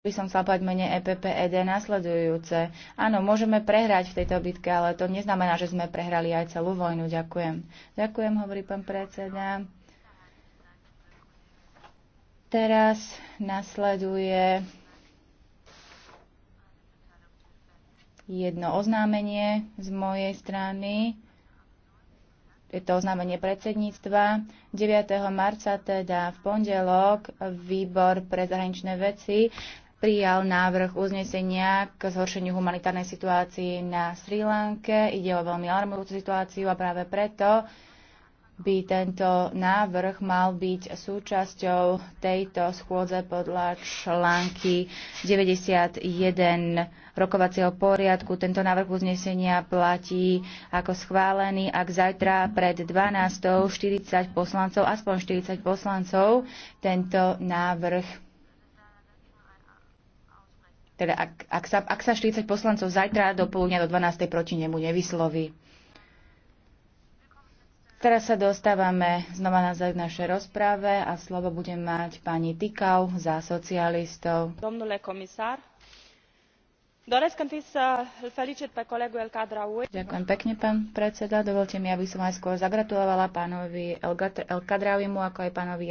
by som chcela povedať mene EPPED nasledujúce. Áno, môžeme prehrať v tejto bitke, ale to neznamená, že sme prehrali aj celú vojnu. Ďakujem. Ďakujem, hovorí pán predseda. Teraz nasleduje jedno oznámenie z mojej strany. Je to oznámenie predsedníctva. 9. marca, teda v pondelok, výbor pre zahraničné veci prijal návrh uznesenia k zhoršeniu humanitárnej situácii na Sri Lanke. Ide o veľmi alarmujúcu situáciu a práve preto by tento návrh mal byť súčasťou tejto schôdze podľa články 91 rokovacieho poriadku. Tento návrh uznesenia platí ako schválený, ak zajtra pred 12.40 poslancov, aspoň 40 poslancov, tento návrh teda ak, ak, sa, ak sa 40 poslancov zajtra do poludnia do 12. proti nemu nevysloví. Teraz sa dostávame znova na v našej rozprave a slovo bude mať pani Tikau za socialistov. Domnule komisár, doresc întâi să îl felicit pe colegul El Cadraui. Ďakujem pekne, pán predseda. Dovolte mi, aby som aj skôr zagratulovala pánovi El Cadrauimu, ako aj pánovi